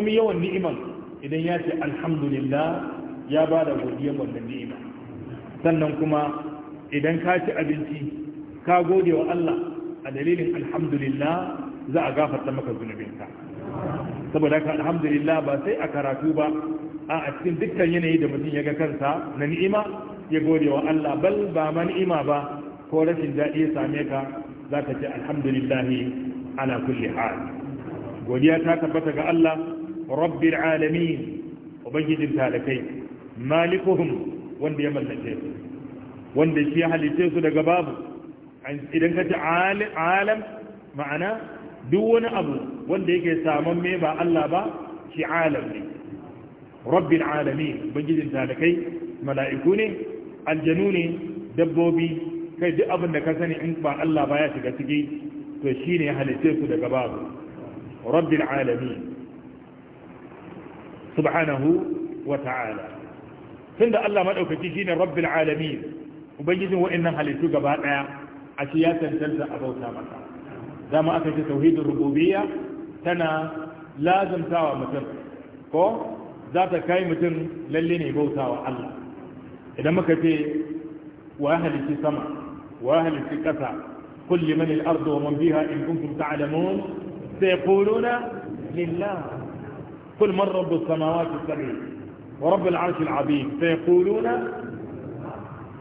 mi yawan ni'iman idan ya ce alhamdulillah ya ba da godiyar wannan ni'ima sannan kuma idan ka ci abinci ka gode wa Allah a dalilin alhamdulillah za a gafarta maka zunubinka saboda haka alhamdulillah ba sai a karatu ba a cikin dukkan yanayi da mutum ya ga kansa na ni'ima ya gode wa Allah bal ba ma ni'ima ba ko rashin daɗi ya same ka za ka ce alhamdulillah ana kulle hal godiya ta tabbata ga Allah rabbil alamin ubangijin talakai malikuhum wanda ya mallake su wanda shi ya halitte su daga babu idan ka ce alam ma'ana duk wani abu wanda yake saman me ba Allah ba shi alam ne rabbil alamin ubangijin talakai mala'iku ne aljanu ne dabbobi kai duk abin da ka sani in ba Allah ba ya shiga ciki to shine ya halitte su daga babu rabbil alamin subhanahu wa ta'ala tunda Allah madaukaki shine rabbil alamin ubangijin wa'annan halittu gaba daya a shi ya tantance a bauta masa dama aka ce tauhidin rububiyya tana lazantawa mutum ko za ta kai mutum lalle ne bautawa Allah idan muka ce wa halitti sama وأهل الثقفة كل من الأرض ومن بها إن كنتم تعلمون سيقولون لله كل من رب السماوات السبع ورب العرش العظيم سيقولون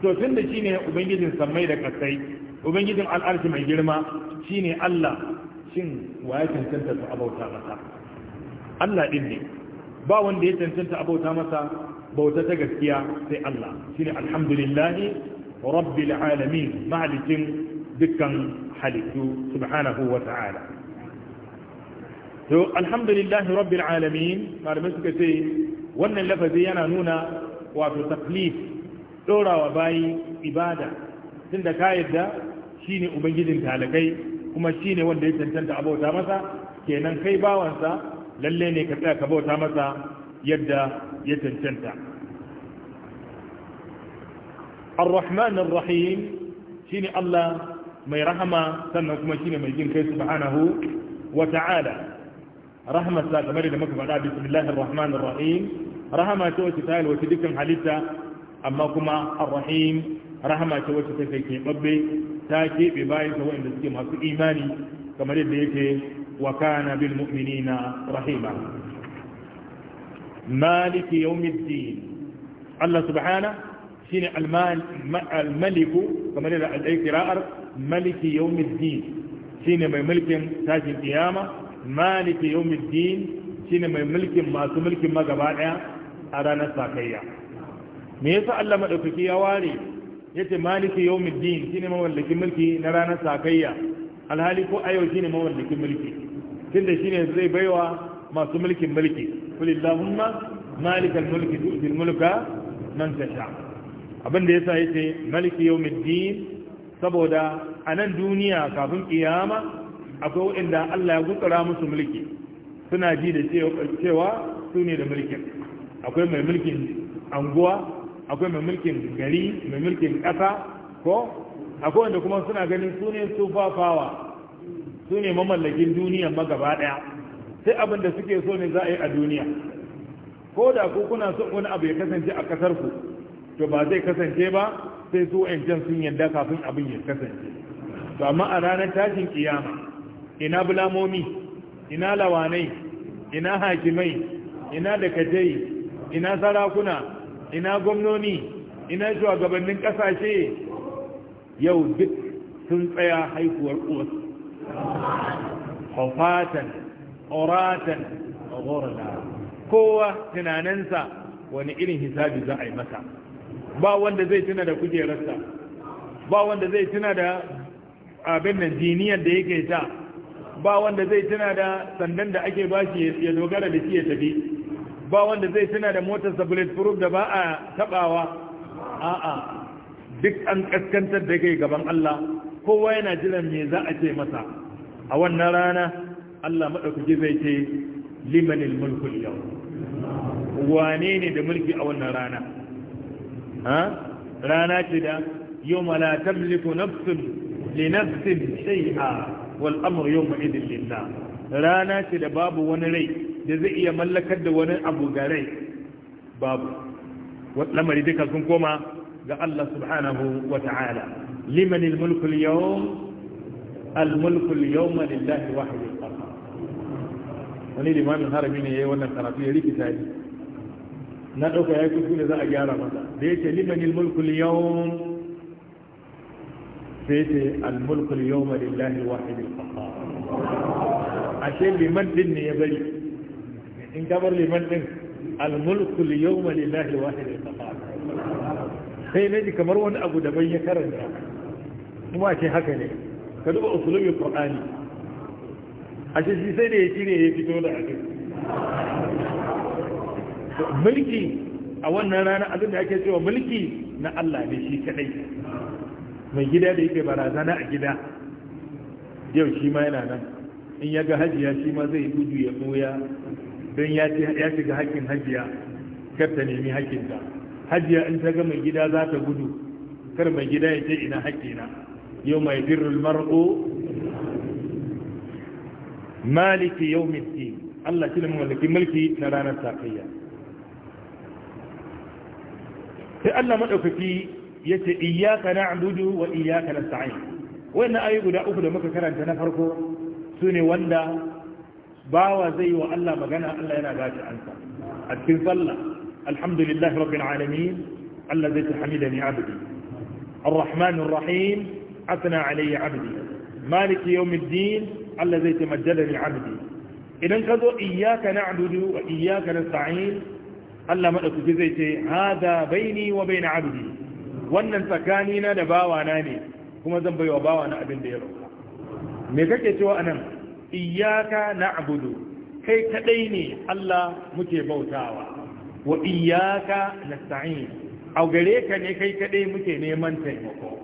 سوفند شيني أبنجد سمي لك السيد على الارض من جرمة شيني الله شين وآيكن سنت أبو تامسا الله إني باون دي سنت أبو تامسا بوتتك السيا سي الله شيني الحمد لله rabbil alamin mahalicin dukkan halittu subhanahu wa ta'ala to alhamdulillah rabbil alamin malamai suka ce wannan lafazi yana nuna wato taklif dorawa bayi ibada tunda ka yadda shine ubangijin talakai kuma shine wanda ya cancanta abauta masa kenan kai bawansa lallai ne ka tsaya ka bauta masa yadda ya cancanta ar-rahman ar-rahim shine Allah mai rahma sannan kuma shine mai jin kai subhanahu wa ta'ala rahmat sa kamar da muka faɗa bismillahir rahmanir rahim rahama ce wacce ta yalwace dukkan halitta amma kuma ar-rahim rahama ce wacce take keɓaɓɓe ta keɓe bayan sa waɗanda suke masu imani da yadda yake wa kana bil mu'minina rahima maliki yawmiddin Allah subhanahu shine al-maliku kamar da al-ayy qira'ar maliki yawmiddin shine mai mulkin tashin kiyama maliki yawmiddin shine mai mulkin masu mulkin magaba daya a ranar sakayya me yasa Allah madaukaki ya ware yace maliki yawmiddin shine mawallakin mulki na ranar sakayya alhali ko ayo shine mawallakin mulki tunda shine zai baiwa masu mulkin mulki kulillahumma malikal mulki tu'til mulka man tasha' abin da yasa yace maliki yawmiddin saboda a nan duniya kafin kiyama akwai wanda Allah ya gutsura musu mulki suna ji da cewa su ne da mulkin akwai mai mulkin anguwa akwai mai mulkin gari mai mulkin ƙasa ko akwai wanda kuma suna ganin su ne sufafawa su mamallakin duniya magaba ɗaya sai abin da suke so ne za a yi a duniya ko da ku kuna son wani abu ya kasance a ƙasarku to ba zai kasance ba sai su ƴancan sun yadda kafin abin ya kasance to amma a ranar tashin kiyama ina bulamomi ina lawanai ina hakimai ina dakatai ina sarakuna ina gwamnoni ina shugabannin kasashe yau duk sun tsaya haihuwar uwarsu hafatan oratan gorada kowa tunaninsa wani irin hisabi za a yi masa ba wanda zai tuna da kujerarsa ba wanda zai tuna da abin nan jiniyar da yake ta ba wanda zai tuna da sandan da ake bashi ya dogara da shi ya tafi ba wanda zai tuna da motarsa bulletproof da ba a tabawa a'a duk an kaskantar da kai gaban Allah kowa yana jiran me za a ce masa a wannan rana Allah madaukaki zai ce limanil mulku yau wane ne da mulki a wannan rana rana ce da yau mala tamliku nafsun li nafsin shay'a wal amru idin lillah rana ce da babu wani rai da zai iya mallakar da wani abu ga rai babu lamari duka sun koma ga Allah subhanahu wa ta'ala liman al-mulku al-yawm al lillahi wahid wani limamin harami ne yayin wannan karatu ya rikita shi na ɗauka ya da za a gyara masa da ya ce limanin mulkul yau sai ce almulkul yawon lillahi A ashe liman din ne ya bari in ka bar liman din almulkul yawon lillahi wahidin sai ne ji kamar wani abu daban ya karanta kuma ce haka ne ka duba usulun qur'ani A shi sai da ya ne ya fito da abin mulki a wannan rana abin da ake cewa mulki na Allah ne shi kadai mai gida da yake barazana a gida yau shi ma yana nan in ya ga hajiya shi ma zai gudu ya boya don ya shiga hakkin hajiya kar ta nemi hakkinta hajiya in ta ga mai gida za ta gudu kar mai gida ya ce ina hakkina yau mai birrul mar'u maliki yau miski Allah shi ne mulki mulki na ranar sakayya sai Allah madaukaki yace iyyaka na'budu wa iyyaka nasta'in wannan ayi guda uku da muka karanta na farko sune wanda bawa zai wa Allah magana Allah yana gaci ansa a cikin sallah alhamdulillah rabbil alamin Allah zai ta hamidani abdi الرحمن الرحيم أثنى علي عبدي مالك يوم الدين الذي تمجدني عبدي إذن كذو إياك نعبد وإياك نستعين Allah maɗaukaki zai ce hada baini wa baina abdi wannan tsakani na da na ne kuma zan baiwa na abin da ya roƙa me kake cewa anan na abudu kai kadai ne Allah muke bautawa wa na sa’in, au gare ka ne kai kaɗai muke neman taimako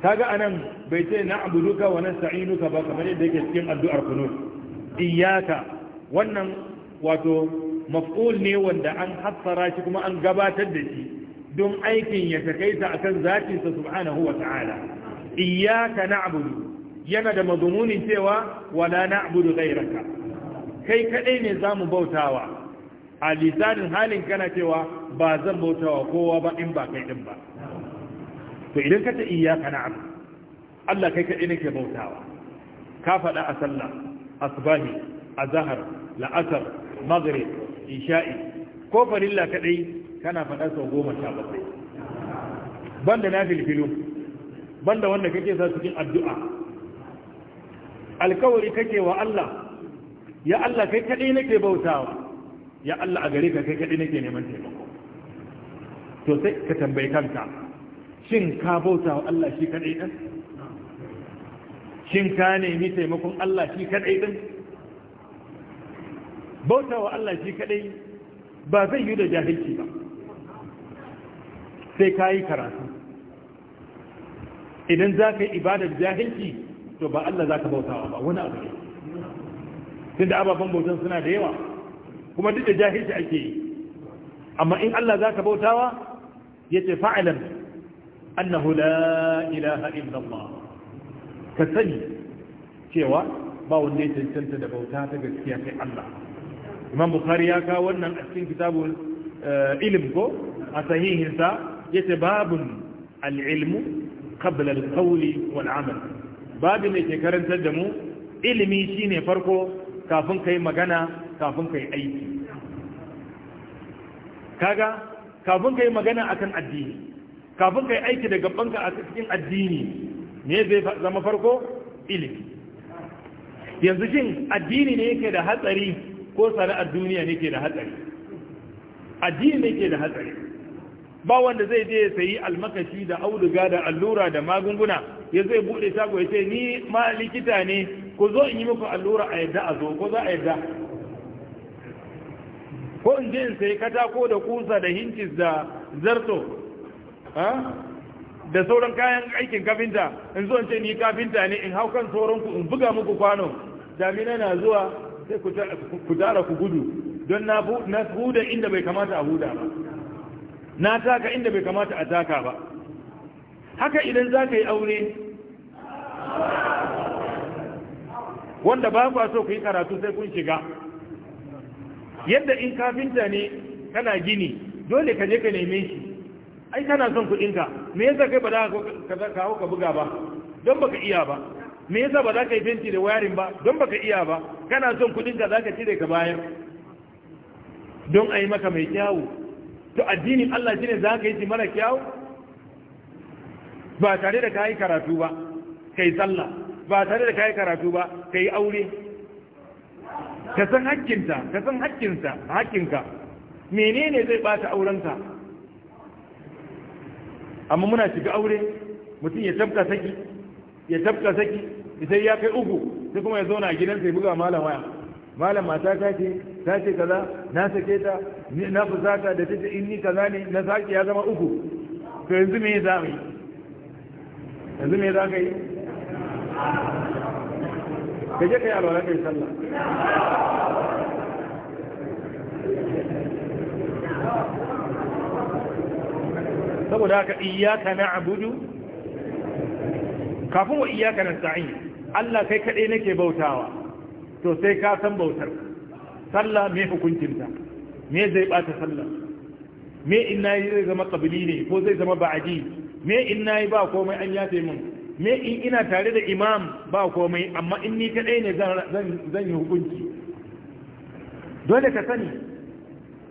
ga anan bai ce na wani wa nasta'inuka ba kamar yadda yake cikin addu'ar kunu. Iyaka wannan wato maf'ul ne wanda an hassara shi kuma an gabatar da shi don aikin ya takai takaita akan zatinsa subhanahu wa ta'ala iyyaka na'budu yana da mazumunin cewa wala na'budu ghayraka kai kadai ne zamu bautawa a lisanin halin kana cewa ba zan bautawa kowa ba in ba kai din ba to idan ka ta iyyaka na'budu Allah kai kadai nake bautawa ka faɗa a sallah asbahi azhar la'asar maghrib isha'i ko farilla kadai kana faɗa sau goma sha bakwai banda na filfilu banda wanda kake sa cikin addu'a alkawari kake wa Allah ya Allah kai kadai nake bautawa ya Allah a gare ka kai kadai nake neman taimako to sai ka tambayi kanka shin ka bauta wa Allah shi kadai din shin ka nemi taimakon Allah shi kadai din bauta wa Allah shi kadai ba zai yi da jahilci ba sai ka yi karatu idan za ka yi ibadar jahilci to ba Allah za ka bautawa ba wani abu ne tunda ababen bautan suna da yawa kuma duk da jahilci ake yi amma in Allah za ka wa ya ce fa’ilan annahu la ilaha illallah ka sani cewa ba wanda ya cancanta da bauta ta gaskiya kai Allah imam bukhari ya kawo wannan a cikin kitabul eh, ilm ko a sahihinsa yace babun al-ilmu qabla al-qawli wal amal ne ke karantar da mu ilimi shine farko kafin kai magana kafin kai aiki kaga kafin kai magana akan addini kafin kai aiki da gabanka a cikin addini ne zai zama farko ilimi yanzu shin addini ne yake da hatsari ko sana'ar duniya ne ke da hatsari addini ne ke da hatsari ba wanda zai je ya sayi almakashi da auduga da allura da magunguna ya zai bude shago ya ce ni ma likita ne ko zo in yi muku allura a yadda a zo ko za a yadda ko in je in sayi katako da kusa da hincis da zarto da sauran kayan aikin kafinta in zo in ce ni kafinta ne in hau kan sauranku in buga muku kwano damina na zuwa sai ku tara ku gudu don na huda inda bai kamata a huda ba na taka inda bai kamata a taka ba haka idan za ka yi aure wanda ba ku so ku yi karatu sai kun shiga yadda in kafinta ne kana gini dole ka je ka neme shi ai kana son kuɗinka me yasa kai ba za ka hau ka buga ba don baka iya ba me yasa ba za ka yi fenti da wayarin ba don baka iya ba kana son kudin ka za ka cire ka bayar don a yi maka mai kyawu to addinin Allah shi ne za ka yi shi mara kyawu ba tare da ka yi karatu ba ka yi sallah ba tare da ka yi karatu ba ka yi aure ka san hakkinta ka san hakkinsa hakkinka menene zai bata aurenka amma muna shiga aure mutum ya tabka saki ya tabka saki sai ya kai uku sai kuma ya zauna a gidansa ya buga malam waya malam mata ta ce ta ce kaza na sake ta na fusata da in ni kaza ne na sake ya zama uku to yanzu me za mu yi yanzu me za ka yi ka je yi alwala kai sallah saboda haka iyaka na abudu kafin wa iyaka na sa'in Allah kai kaɗai nake bautawa to sai ka san bautar sallah me hukuncinta me zai bata sallah me in yi zai zama ƙabili ne ko zai zama ba'adi me in yi ba komai an yafe min me in ina tare da imam ba komai amma in ni kaɗai ne zan yi hukunci dole ka sani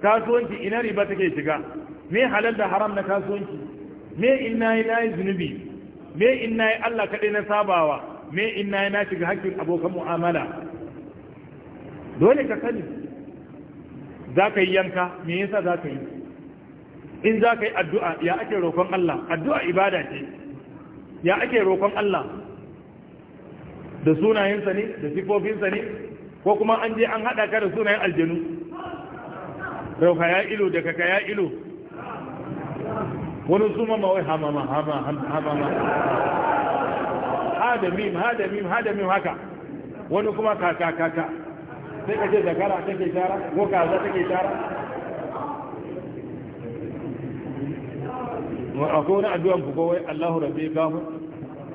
kasuwanci ina riba take shiga me halal da haram na kasuwanci me in na nayi zunubi me in yi Allah kaɗai na sabawa me inna na shiga hakkin abokan mu'amala dole ka sani za ka yi yanka me yasa za ka yi in za ka yi addu'a ya ake roƙon Allah addu'a ibada ce ya ake roƙon Allah da sunayensa ne da sifofinsa ne ko kuma an je an haɗa ka da sunayen aljanu rauka ya ilo da kaka ya ilo wani su mama hamama hamama hamama hada mim hada mim hada mim haka wani kuma kaka kaka sai ka ce zakara take tara ko kaza take tara akwai wani addu'an ku kowai Allahu rabbi mu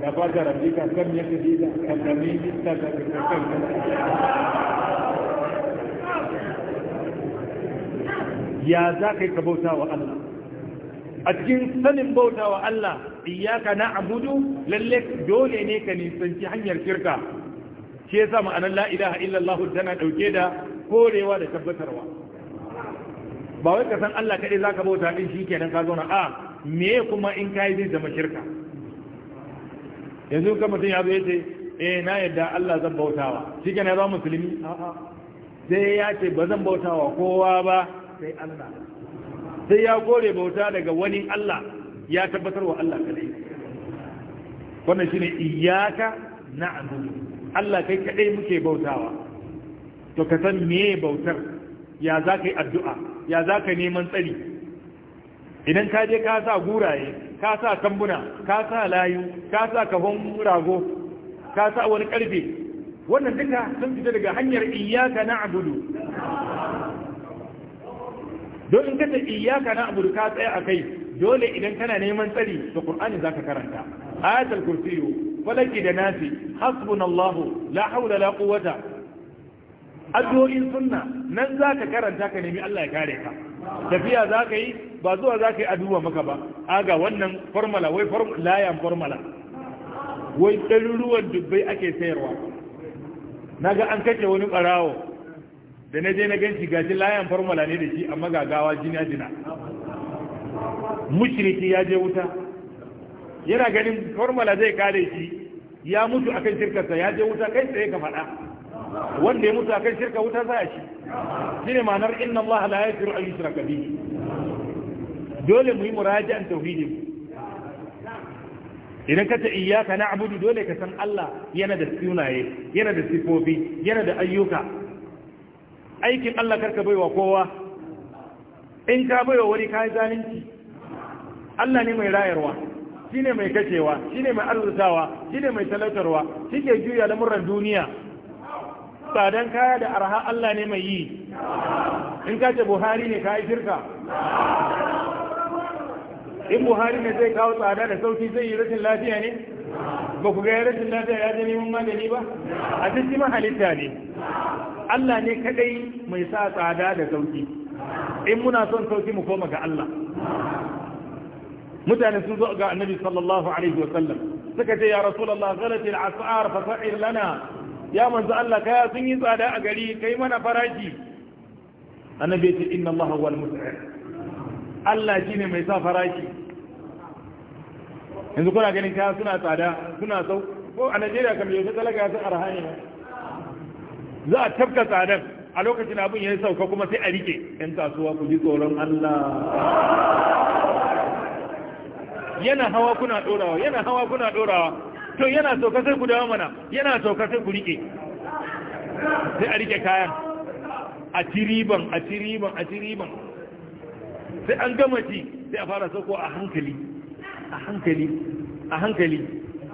ya fata rabbi ka kan ya kadi da kalami ta ta kan ya za ka yi ka bauta wa Allah a cikin sanin bauta wa Allah iyaka na abudu lalle dole ne ka nisanci hanyar shirka shi sa ma'anar la'ilaha ilaha illallah tana dauke da korewa da tabbatarwa ba wai ka san Allah za ka bauta din nan ka zauna a me kuma in ka yi zai zama shirka yanzu ka mutum ya zo yace eh na yadda Allah zan bautawa shikenan ya zama musulmi a'a sai ya ce ba zan bautawa kowa ba sai Allah sai ya kore bauta daga wani Allah ya tabbatar wa Allah kadai wannan shine iyyaka na'budu Allah kai kadai muke bautawa to ka san me bautar ya zaka yi addu'a ya zaka neman tsari idan ka je ka sa guraye ka sa tambuna ka sa layu ka sa kafon rago ka sa wani karfe wannan duka sun fita daga hanyar iyaka na'budu don in ka ta iyaka na'budu ka tsaya a kai dole idan kana neman tsari da Qur'ani zaka karanta ayatul Kursiyu, falaki da nasi hasbunallahu la hawla la quwwata addu'o'in sunna nan zaka karanta ka nemi Allah ya kare ka tafiya zaka yi ba zuwa zaka yi addu'a maka ba aga wannan formula wai formula layan formula wai ɗaruruwan dubbai ake sayarwa naga ga an kace wani ɓarawo da na je na gan shi gaji layan formula ne da shi amma gagawa jina jina mushriki ya je wuta yana ganin formula zai kare shi ya mutu akan shirkarsa ya je wuta kai tsaye ka faɗa wanda ya mutu akan shirka wuta za a shi shine ma'anar inna Allah la yaghfiru an yushraka bihi dole mu yi muraja'an tauhidin idan ka ta iyyaka na'budu dole ka san Allah yana da sunaye yana da sifofi yana da ayyuka aikin Allah karka baiwa kowa in ka baiwa wani kai zalunci Allah ne mai rayarwa shi ne mai kashewa shi ne mai arzutawa shi ne mai talatarwa shi ke juya lamuran duniya tsadan kaya da arha Allah ne mai yi in ka buhari ne ka shirka in buhari ne zai kawo tsada da sauki zai yi rashin lafiya ne ba ku gaya rashin lafiya ya je neman magani ba a cikin halitta ne Allah ne kadai mai sa tsada da sauki in muna son sauki mu koma ga Allah mutane sun zo ga annabi sallallahu alaihi wa sallam suka ce ya rasulullah zalati al-as'ar fa sa'ir lana ya manzo Allah kaya sun yi tsada a gari kai mana farashi annabi ya ce inna Allah huwa al-mus'ir Allah shine mai sa farashi yanzu kuna ganin kaya suna tsada suna sau ko a Najeriya kam yanzu talaka ya san arhani za a tafka tsadan a lokacin abin ya sauka kuma sai a rike yan kasuwa ku ji tsoron Allah yana hawa kuna dorawa yana hawa kuna dorawa to yana sauka sai ku dawo mana yana sauka sai ku rike sai a rike kayan a tiriban a tiriban a tiriban sai an gama ci sai a fara sauko a hankali a hankali a hankali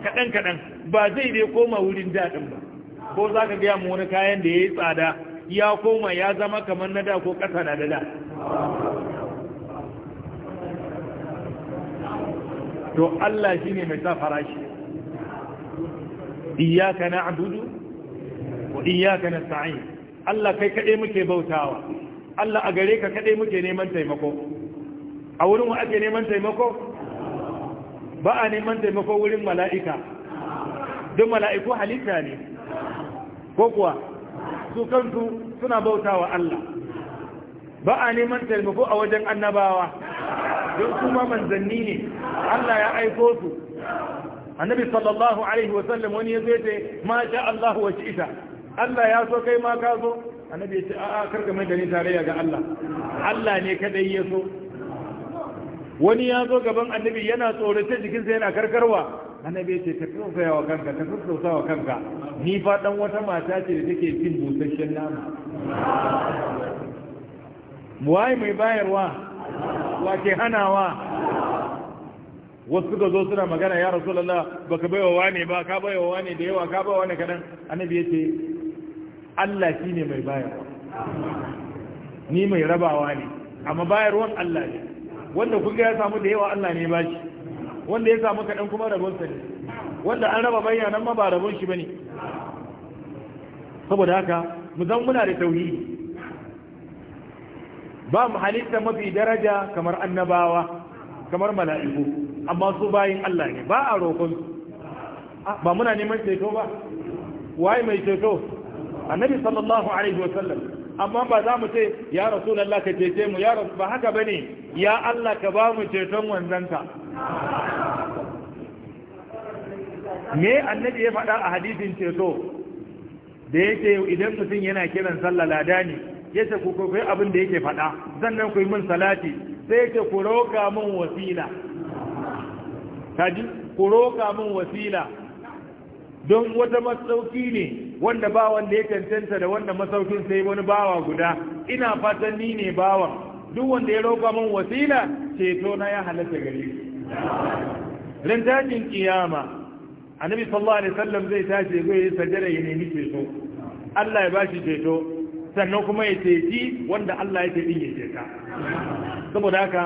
kaɗan kaɗan ba zai dai koma wurin daɗin ba ko za ka gaya mu wani kayan da ya yi tsada ya koma ya zama kamar na da ko ƙasa na da da to Allah shi ne mai sa farashi iyaka na abudu wa iyaka na sa'in Allah kai kaɗai muke bautawa Allah a gare ka kaɗai muke neman taimako a wurin wa ake neman taimako ba a neman taimako wurin mala'ika don mala'iku halitta ne ko kuwa su kansu suna bautawa Allah ba a neman taimako a wajen annabawa don kuma manzanni ne Allah ya aiko su annabi sallallahu alaihi wa sallam wani yazo yace ma sha Allah wa shi'ita Allah ya so kai ma ka so annabi ya yace a'a karka mai da ni tarayya ga Allah Allah ne kadai ya so wani ya zo gaban annabi yana tsorace jikinsa yana karkarwa annabi ce ka tausaya wa kanka ka tausaya wa kanka ni fa dan wata mata ce da take cin busasshen nama waye mai bayarwa wake hanawa wasu suka zo suna magana ya ka bai baiwa ne ba ka baiwa wane da yawa ka baiwa ne kadan annabi ce Allah shi ne mai bayarwa ni mai rabawa ne amma bayarwan Allah ne wanda kun ya samu da yawa Allah ne shi wanda ya samu kadan kuma rabon sa ne wanda an raba bayanan ma ba rabon shi ba ne. saboda haka mu zan muna da tauhidi ba mu halitta mafi daraja kamar annabawa kamar mala'iku amma su bayin Allah ne ba a roƙon ah, ba muna neman ceto ba waye mai ceto annabi sallallahu alaihi wasallam amma ba za mu ce ya rasulullah ka cece mu ya rasul ba haka bane ya Allah ka ba mu ceton wanzanka me annabi ya faɗa a hadisin ceto da yake idan mutum yana kiran sallah ladani ne yace ku ku kai abin da yake faɗa sannan ku yi min salati sai kuroka ku roka min wasila kaji ku roka min wasila don wata masauki ne wanda ba wanda ya cancanta da wanda masaukin sai wani bawa guda ina fatan ni ne bawan duk wanda ya roka min wasila ceto na ya halatta gare ran tashin kiyama annabi sallallahu alaihi wasallam zai tashi zai yi sajada ya nemi ceto Allah ya bashi ceto sannan kuma ya ceci wanda Allah ya din ya ceta saboda haka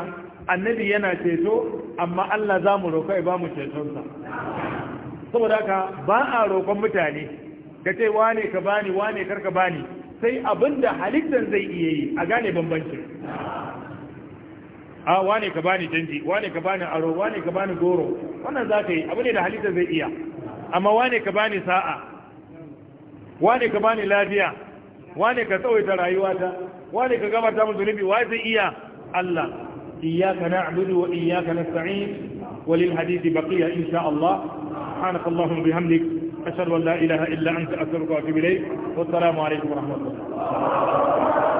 annabi yana ceto amma Allah za mu roƙa ya ba mu cetonsa saboda haka ba a roƙon mutane ka ce wane ka bani wane karka bani sai abinda halittar zai iya yi a gane bambancin a ah, wane ka bani canji wane ka bani aro wane ka bani goro wannan za ka yi abu ne da halitta zai iya amma wane ka bani sa'a wane ka bani lafiya wane ka tsawaita rayuwata wane ka gabata mu zunubi wa zai iya Allah iyyaka na'budu wa iyyaka nasta'in walil hadithi baqiya insha Allah subhanak allahumma bihamdik ashhadu an la ilaha illa anta astaghfiruka wa atubu ilayk wa assalamu alaykum wa rahmatullah